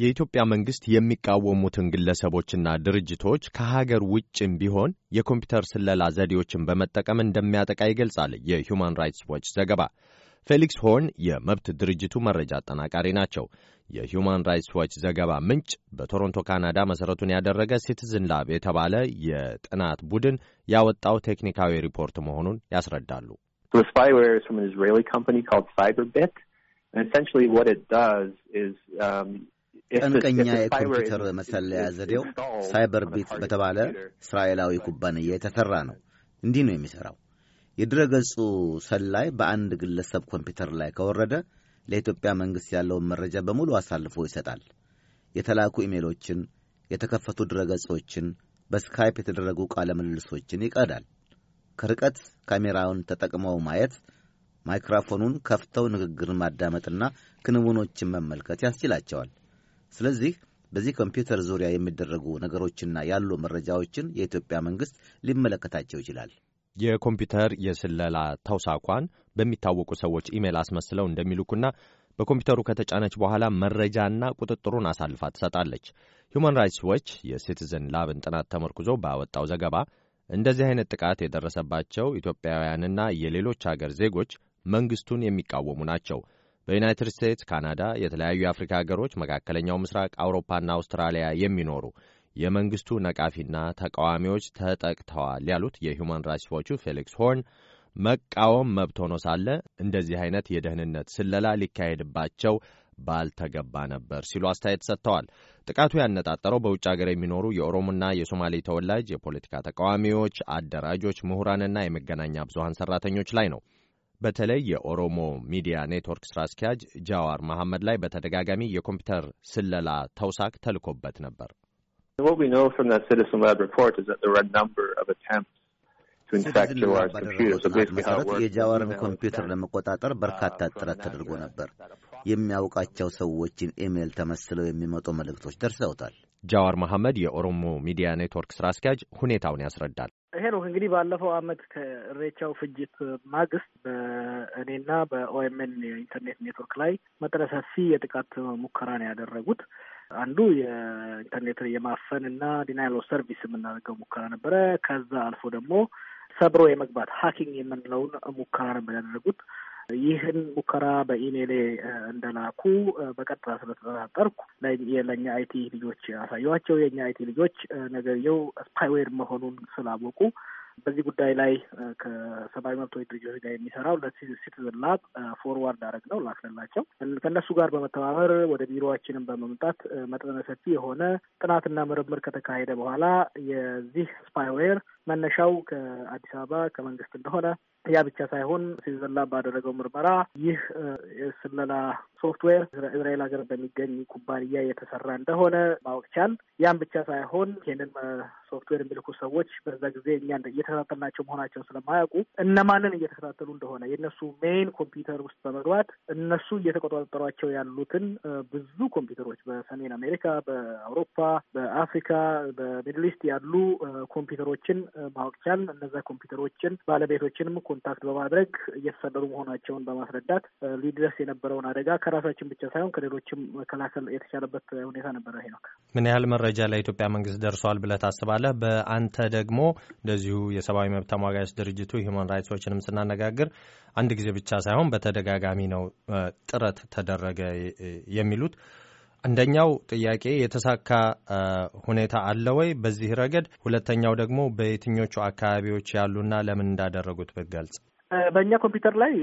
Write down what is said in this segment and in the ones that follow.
የኢትዮጵያ መንግሥት የሚቃወሙትን ግለሰቦችና ድርጅቶች ከሀገር ውጭም ቢሆን የኮምፒውተር ስለላ ዘዴዎችን በመጠቀም እንደሚያጠቃ ይገልጻል የሁማን ራይትስ ዎች ዘገባ። ፌሊክስ ሆርን የመብት ድርጅቱ መረጃ አጠናቃሪ ናቸው። የሁማን ራይትስ ዎች ዘገባ ምንጭ በቶሮንቶ ካናዳ መሠረቱን ያደረገ ሲቲዝን ላብ የተባለ የጥናት ቡድን ያወጣው ቴክኒካዊ ሪፖርት መሆኑን ያስረዳሉ። ጠንቀኛ የኮምፒውተር መሰለያ ዘዴው ሳይበር ቢት በተባለ እስራኤላዊ ኩባንያ የተሠራ ነው። እንዲህ ነው የሚሠራው። የድረ ገጹ ሰላይ በአንድ ግለሰብ ኮምፒውተር ላይ ከወረደ ለኢትዮጵያ መንግሥት ያለውን መረጃ በሙሉ አሳልፎ ይሰጣል። የተላኩ ኢሜሎችን፣ የተከፈቱ ድረ ገጾችን፣ በስካይፕ የተደረጉ ቃለ ምልልሶችን ይቀዳል። ከርቀት ካሜራውን ተጠቅመው ማየት፣ ማይክሮፎኑን ከፍተው ንግግር ማዳመጥና ክንውኖችን መመልከት ያስችላቸዋል። ስለዚህ በዚህ ኮምፒውተር ዙሪያ የሚደረጉ ነገሮችና ያሉ መረጃዎችን የኢትዮጵያ መንግሥት ሊመለከታቸው ይችላል። የኮምፒውተር የስለላ ተውሳኳን በሚታወቁ ሰዎች ኢሜል አስመስለው እንደሚልኩና በኮምፒውተሩ ከተጫነች በኋላ መረጃና ቁጥጥሩን አሳልፋ ትሰጣለች። ሁማን ራይትስ ዎች የሲቲዝን ላብን ጥናት ተመርኩዞ ባወጣው ዘገባ እንደዚህ አይነት ጥቃት የደረሰባቸው ኢትዮጵያውያንና የሌሎች አገር ዜጎች መንግስቱን የሚቃወሙ ናቸው። በዩናይትድ ስቴትስ፣ ካናዳ፣ የተለያዩ የአፍሪካ ሀገሮች፣ መካከለኛው ምስራቅ፣ አውሮፓና አውስትራሊያ የሚኖሩ የመንግስቱ ነቃፊና ተቃዋሚዎች ተጠቅተዋል ያሉት የሁማን ራይትስ ዎቹ ፌሊክስ ሆርን መቃወም መብት ሆኖ ሳለ እንደዚህ አይነት የደህንነት ስለላ ሊካሄድባቸው ባልተገባ ነበር ሲሉ አስተያየት ሰጥተዋል። ጥቃቱ ያነጣጠረው በውጭ ሀገር የሚኖሩ የኦሮሞና የሶማሌ ተወላጅ የፖለቲካ ተቃዋሚዎች፣ አደራጆች፣ ምሁራንና የመገናኛ ብዙሀን ሰራተኞች ላይ ነው። በተለይ የኦሮሞ ሚዲያ ኔትወርክ ስራ አስኪያጅ ጃዋር መሐመድ ላይ በተደጋጋሚ የኮምፒውተር ስለላ ተውሳክ ተልኮበት ነበር። መሰረት የጃዋርን ኮምፒውተር ለመቆጣጠር በርካታ ጥረት ተደርጎ ነበር። የሚያውቃቸው ሰዎችን ኢሜይል ተመስለው የሚመጡ መልእክቶች ደርሰውታል። ጃዋር መሐመድ የኦሮሞ ሚዲያ ኔትወርክ ስራ አስኪያጅ ሁኔታውን ያስረዳል። ይሄ ነው እንግዲህ ባለፈው አመት ከሬቻው ፍጅት ማግስት በእኔና በኦኤምኤን የኢንተርኔት ኔትወርክ ላይ መጠነ ሰፊ የጥቃት ሙከራ ነው ያደረጉት። አንዱ የኢንተርኔት የማፈን እና ዲናይል ኦፍ ሰርቪስ የምናደርገው ሙከራ ነበረ። ከዛ አልፎ ደግሞ ሰብሮ የመግባት ሀኪንግ የምንለውን ሙከራ ነበር ያደረጉት። ይህን ሙከራ በኢሜይሌ እንደላኩ በቀጥታ ስለተጠራጠርኩ ለእኛ አይቲ ልጆች ያሳያቸው የእኛ አይቲ ልጆች ነገርየው ስፓይዌር መሆኑን ስላወቁ በዚህ ጉዳይ ላይ ከሰብአዊ መብቶች ድርጅቶች ጋር የሚሰራው ለሲቲዝን ላብ ፎርዋርድ አረግ ነው ላክንላቸው። ከእነሱ ጋር በመተባበር ወደ ቢሮዋችንም በመምጣት መጠነ ሰፊ የሆነ ጥናትና ምርምር ከተካሄደ በኋላ የዚህ ስፓይዌር መነሻው ከአዲስ አበባ ከመንግስት እንደሆነ ያ ብቻ ሳይሆን ሲዘላ ባደረገው ምርመራ ይህ የስለላ ሶፍትዌር እስራኤል ሀገር በሚገኝ ኩባንያ የተሰራ እንደሆነ ማወቅ ቻል። ያም ብቻ ሳይሆን ይህንን ሶፍትዌር የሚልኩ ሰዎች በዛ ጊዜ እኛ እየተከታተልናቸው መሆናቸውን ስለማያውቁ እነማንን እየተከታተሉ እንደሆነ የእነሱ ሜይን ኮምፒውተር ውስጥ በመግባት እነሱ እየተቆጣጠሯቸው ያሉትን ብዙ ኮምፒውተሮች በሰሜን አሜሪካ፣ በአውሮፓ፣ በአፍሪካ፣ በሚድል ኢስት ያሉ ኮምፒውተሮችን ማወቅ ቻል። እነዛ ኮምፒውተሮችን ባለቤቶችንም ኮንታክት በማድረግ እየተሰረሩ መሆናቸውን በማስረዳት ሊድረስ የነበረውን አደጋ ከራሳችን ብቻ ሳይሆን ከሌሎችም መከላከል የተቻለበት ሁኔታ ነበረ። ሄኖክ፣ ምን ያህል መረጃ ለኢትዮጵያ መንግስት ደርሰዋል ብለህ ታስባለህ? በአንተ ደግሞ እንደዚሁ የሰብአዊ መብት ተሟጋች ድርጅቱ ሂውማን ራይትስ ዎችንም ስናነጋግር አንድ ጊዜ ብቻ ሳይሆን በተደጋጋሚ ነው ጥረት ተደረገ የሚሉት አንደኛው ጥያቄ የተሳካ ሁኔታ አለ ወይ በዚህ ረገድ? ሁለተኛው ደግሞ በየትኞቹ አካባቢዎች ያሉና ለምን እንዳደረጉት ብትገልጽ። በእኛ ኮምፒውተር ላይ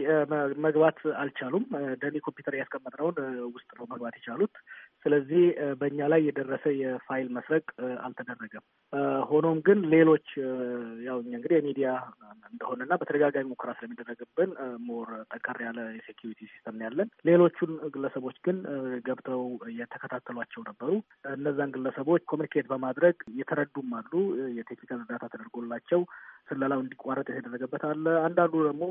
መግባት አልቻሉም። ደኔ ኮምፒውተር ያስቀመጥነውን ውስጥ ነው መግባት የቻሉት። ስለዚህ በእኛ ላይ የደረሰ የፋይል መስረቅ አልተደረገም። ሆኖም ግን ሌሎች ያው እኛ እንግዲህ የሚዲያ እንደሆነና በተደጋጋሚ ሙከራ ስለሚደረግብን ሞር ጠንከር ያለ የሴኪሪቲ ሲስተም ያለን ሌሎቹን ግለሰቦች ግን ገብተው የተከታተሏቸው ነበሩ። እነዛን ግለሰቦች ኮሚኒኬት በማድረግ የተረዱም አሉ የቴክኒካል እርዳታ ተደርጎላቸው ስለላው እንዲቋረጥ የተደረገበት አለ። አንዳንዱ ደግሞ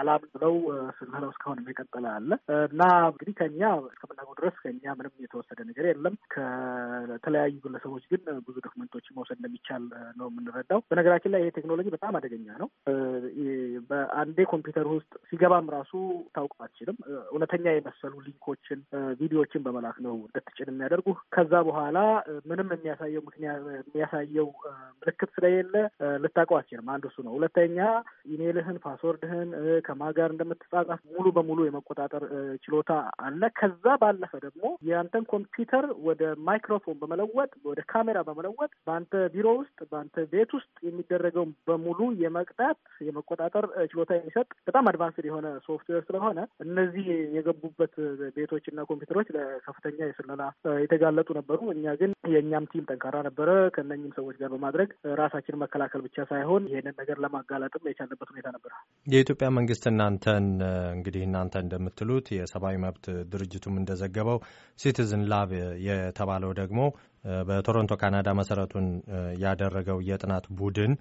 አላም ብለው ስለላው እስካሁን የቀጠለ አለ እና እንግዲህ ከኛ እስከምናውቀው ድረስ ከኛ ምንም የተወሰደ ነገር የለም። ከተለያዩ ግለሰቦች ግን ብዙ ዶክመንቶችን መውሰድ እንደሚቻል ነው የምንረዳው። በነገራችን ላይ ይሄ ቴክኖሎጂ በጣም አደገኛ ነው። በአንዴ ኮምፒውተር ውስጥ ሲገባም ራሱ ታውቅ አችልም። እውነተኛ የመሰሉ ሊንኮችን፣ ቪዲዮዎችን በመላክ ነው እንድትጭን የሚያደርጉ። ከዛ በኋላ ምንም የሚያሳየው ምክንያት የሚያሳየው ምልክት ስለሌለ ልታውቀው አችልም። አይቀየርም። አንዱ እሱ ነው። ሁለተኛ ኢሜይልህን፣ ፓስወርድህን ከማ ጋር እንደምትጻጻፍ ሙሉ በሙሉ የመቆጣጠር ችሎታ አለ። ከዛ ባለፈ ደግሞ የአንተን ኮምፒውተር ወደ ማይክሮፎን በመለወጥ ወደ ካሜራ በመለወጥ በአንተ ቢሮ ውስጥ በአንተ ቤት ውስጥ የሚደረገውን በሙሉ የመቅዳት የመቆጣጠር ችሎታ የሚሰጥ በጣም አድቫንስድ የሆነ ሶፍትዌር ስለሆነ እነዚህ የገቡበት ቤቶችና ኮምፒውተሮች ለከፍተኛ የስለላ የተጋለጡ ነበሩ። እኛ ግን የእኛም ቲም ጠንካራ ነበረ። ከእነኝም ሰዎች ጋር በማድረግ ራሳችን መከላከል ብቻ ሳይሆን ይሄንን ነገር ለማጋለጥም የቻለበት ሁኔታ ነበር። የኢትዮጵያ መንግስት እናንተን እንግዲህ እናንተ እንደምትሉት የሰብአዊ መብት ድርጅቱም እንደዘገበው ሲቲዝን ላብ የተባለው ደግሞ በቶሮንቶ ካናዳ መሰረቱን ያደረገው የጥናት ቡድን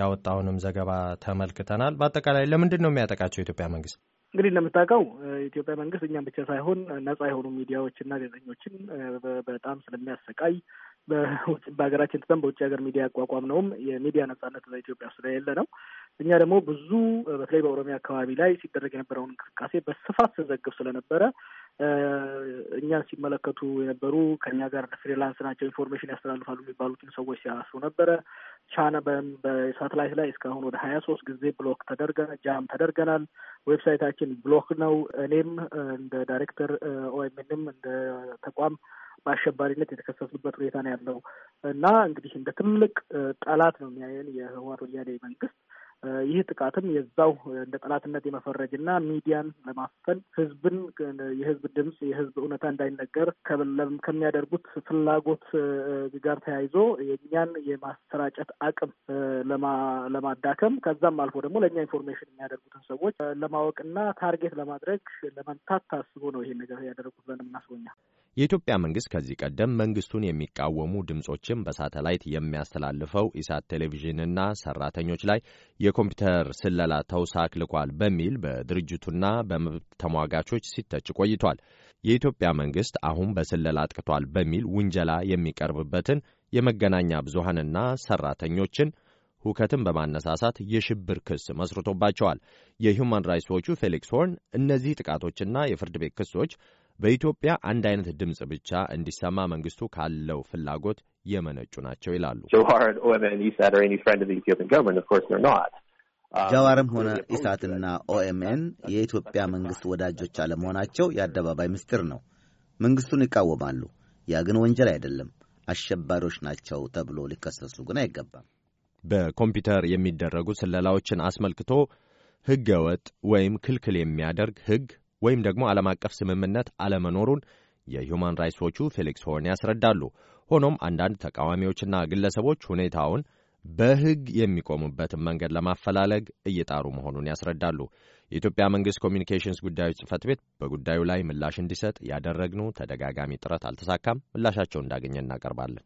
ያወጣውንም ዘገባ ተመልክተናል። በአጠቃላይ ለምንድን ነው የሚያጠቃቸው የኢትዮጵያ መንግስት? እንግዲህ እንደምታውቀው የኢትዮጵያ መንግስት እኛም ብቻ ሳይሆን ነጻ የሆኑ ሚዲያዎችና ጋዜጠኞችን በጣም ስለሚያሰቃይ በሀገራችን ትተን በውጭ ሀገር ሚዲያ ያቋቋም ነውም የሚዲያ ነጻነት በኢትዮጵያ ስለሌለ ነው። እኛ ደግሞ ብዙ በተለይ በኦሮሚያ አካባቢ ላይ ሲደረግ የነበረውን እንቅስቃሴ በስፋት ስንዘግብ ስለነበረ እኛን ሲመለከቱ የነበሩ ከኛ ጋር ፍሪላንስ ናቸው ኢንፎርሜሽን ያስተላልፋሉ የሚባሉትን ሰዎች ሲያስሩ ነበረ። ቻና በሳተላይት ላይ እስካሁን ወደ ሀያ ሶስት ጊዜ ብሎክ ተደርገናል፣ ጃም ተደርገናል። ዌብሳይታችን ብሎክ ነው። እኔም እንደ ዳይሬክተር ኦኤምንም እንደ ተቋም በአሸባሪነት የተከሰሱበት ሁኔታ ነው ያለው እና እንግዲህ እንደ ትልቅ ጠላት ነው የሚያየን የህወሓት ወያኔ መንግስት ይህ ጥቃትም የዛው እንደ ጠላትነት የመፈረጅና ሚዲያን ለማፈን ህዝብን የህዝብ ድምፅ የህዝብ እውነታ እንዳይነገር ከሚያደርጉት ፍላጎት ጋር ተያይዞ የእኛን የማሰራጨት አቅም ለማዳከም ከዛም አልፎ ደግሞ ለእኛ ኢንፎርሜሽን የሚያደርጉትን ሰዎች ለማወቅና ታርጌት ለማድረግ ለመምታት ታስቦ ነው ይሄን ነገር ያደረጉት ብለን የምናስበኛ የኢትዮጵያ መንግስት ከዚህ ቀደም መንግስቱን የሚቃወሙ ድምፆችን በሳተላይት የሚያስተላልፈው ኢሳት ቴሌቪዥንና ሰራተኞች ላይ የኮምፒውተር ስለላ ተውሳክ ልኳል በሚል በድርጅቱና በመብት ተሟጋቾች ሲተች ቆይቷል። የኢትዮጵያ መንግስት አሁን በስለላ አጥቅቷል በሚል ውንጀላ የሚቀርብበትን የመገናኛ ብዙሃንና ሰራተኞችን ሁከትን በማነሳሳት የሽብር ክስ መስርቶባቸዋል። የሁማን ራይትስ ዎቹ ፌሊክስ ሆርን እነዚህ ጥቃቶችና የፍርድ ቤት ክሶች በኢትዮጵያ አንድ አይነት ድምፅ ብቻ እንዲሰማ መንግስቱ ካለው ፍላጎት የመነጩ ናቸው ይላሉ። ጃዋርም um, ሆነ ኢሳትና ኦኤምኤን የኢትዮጵያ መንግስት ወዳጆች አለመሆናቸው የአደባባይ ምስጢር ነው። መንግስቱን ይቃወማሉ። ያ ግን ወንጀል አይደለም። አሸባሪዎች ናቸው ተብሎ ሊከሰሱ ግን አይገባም። በኮምፒውተር የሚደረጉ ስለላዎችን አስመልክቶ ህገወጥ ወጥ ወይም ክልክል የሚያደርግ ህግ። ወይም ደግሞ ዓለም አቀፍ ስምምነት አለመኖሩን የሁማን ራይትስ ዎቹ ፌሊክስ ሆርን ያስረዳሉ። ሆኖም አንዳንድ ተቃዋሚዎችና ግለሰቦች ሁኔታውን በሕግ የሚቆሙበትን መንገድ ለማፈላለግ እየጣሩ መሆኑን ያስረዳሉ። የኢትዮጵያ መንግሥት ኮሚኒኬሽንስ ጉዳዮች ጽሕፈት ቤት በጉዳዩ ላይ ምላሽ እንዲሰጥ ያደረግነው ተደጋጋሚ ጥረት አልተሳካም። ምላሻቸውን እንዳገኘ እናቀርባለን።